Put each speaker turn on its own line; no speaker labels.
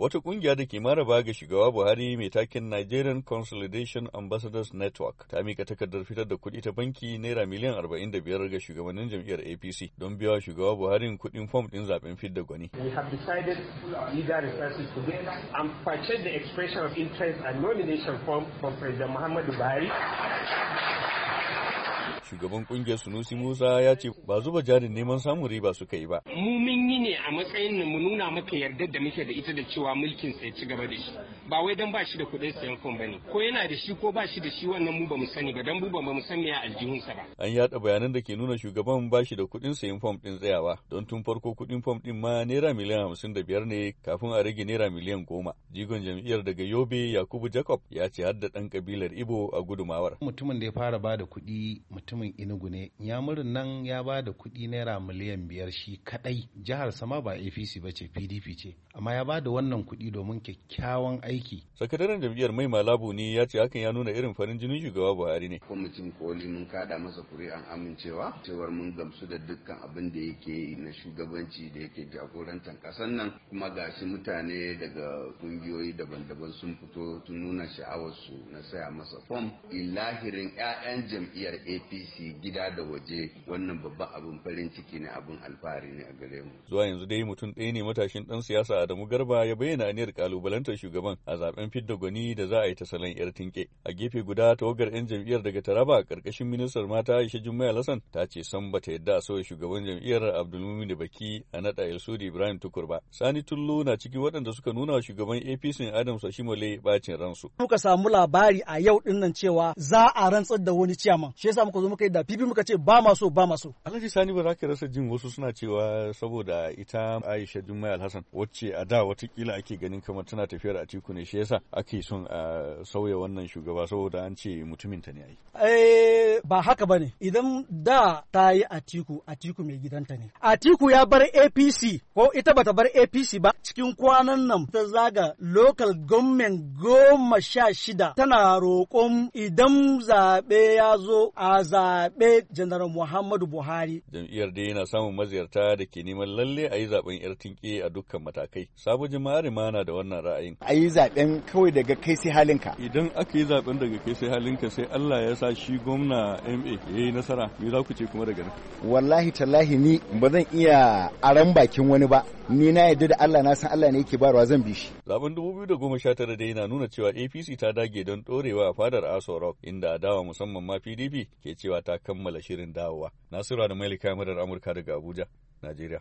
wata kungiya da ke maraba ga shugaba Buhari mai takin Nigerian Consolidation Ambassadors Network ta mika takardar fitar da kuɗi ta banki naira miliyan 45 ga shugabannin jam'iyyar APC don biya shugaba Buhari kuɗin fom ɗin zaben fidda gwani.
We decided the expression of interest and nomination form from Muhammadu Buhari.
Shugaban kungiyar Sunusi Musa ya ce ba zuba jarin neman samun riba suka yi ba.
Mu mun yi ne a matsayin mu nuna maka yarda da muke da ita da cewa mulkin sai ci gaba da shi. Ba wai dan ba shi da kuɗin sayan fom bane. Ko yana da shi ko ba shi da shi wannan mu ba mu sani ba dan mu ba mu san me aljihunsa ba.
An yada bayanan da ke nuna shugaban ba shi da kuɗin sayan fom din tsayawa don tun farko kuɗin fom din ma naira miliyan hamsin da biyar ne kafin a rage naira miliyan goma. Jigon jam'iyyar daga Yobe Yakubu Jacob ya ce har da ɗan kabilar Ibo a gudumawar.
Mutumin da ya fara ba da kuɗi mutum samun inugu ne yamurin nan ya ba da kuɗi naira miliyan biyar shi kaɗai jihar sama ba APC ba ce PDP ce amma ya ba da wannan kuɗi domin kyakkyawan aiki.
Sakataren jam'iyyar mai malabu ne ya ce hakan ya nuna irin farin jinin shugaba Buhari ne. Kwamitin koli mun kada masa kuri'an amincewa cewar mun gamsu da dukkan abin da yake na shugabanci da yake jagorantar ƙasar nan kuma gashi mutane daga kungiyoyi daban-daban sun fito tun nuna sha'awarsu na saya masa fom ilahirin 'ya'yan jam'iyyar APC su gida da waje wannan babban abin farin ciki ne abin alfahari ne a gare mu. Zuwa yanzu dai mutum ɗaya ne matashin ɗan siyasa Adamu Garba ya bayyana aniyar kalubalantar shugaban a zaben fidda gwani da za a yi ta salon yar tinke. A gefe guda tawagar 'yan jam'iyyar daga Taraba a ƙarƙashin ministar mata Aisha Jummai Lasan ta ce san bata yadda a sauya shugaban jam'iyyar Abdulmumin Baki a naɗa Yusuri Ibrahim Tukur ba. Sani Tullu na ciki waɗanda suka nuna wa shugaban APC Adams Ashimole bacin ransu.
Muka samu labari a yau ɗin nan cewa za a rantsar da wani ciyaman. Shi yasa muka zo muka da fifi muka ce ba maso ba maso. alhaji sani ba za ka rasa
jin wasu suna cewa saboda ita aisha jummai alhassan wacce a da watakila ake ganin kamar tana tafiyar a tiku ne shi yasa ake son a sauya wannan shugaba saboda an ce mutumin ta ne ai
eh ba haka bane idan da ta yi a tiku a tiku mai gidanta ne a tiku ya bar apc ko ita bata bar apc ba cikin kwanan nan ta zaga local government goma sha shida tana roƙon idan zaɓe ya zo a zaɓe janar Muhammadu Buhari.
Jam'iyyar dai yana samun maziyarta da ke neman lalle a yi zaɓen 'yar tinke a dukkan matakai. Sabo Jimari ma na da
wannan ra'ayin. A yi zaɓen kawai daga kai sai halinka.
Idan aka yi zaɓen daga kai sai halinka sai Allah ya sa shi gwamna MA ya yi nasara. Me za ku ce kuma daga nan?
Wallahi tallahi ni ba zan iya aran bakin wani ba. ni na yarda da Allah na san Allah ne yake barwa zan bi shi
zaben 2019 da na nuna cewa APC ta dage don ɗorewa a fadar Aso Rock inda dawa musamman ma PDP ke cewa ta kammala shirin dawowa Nasiru da Malika Amurka daga Abuja Najeriya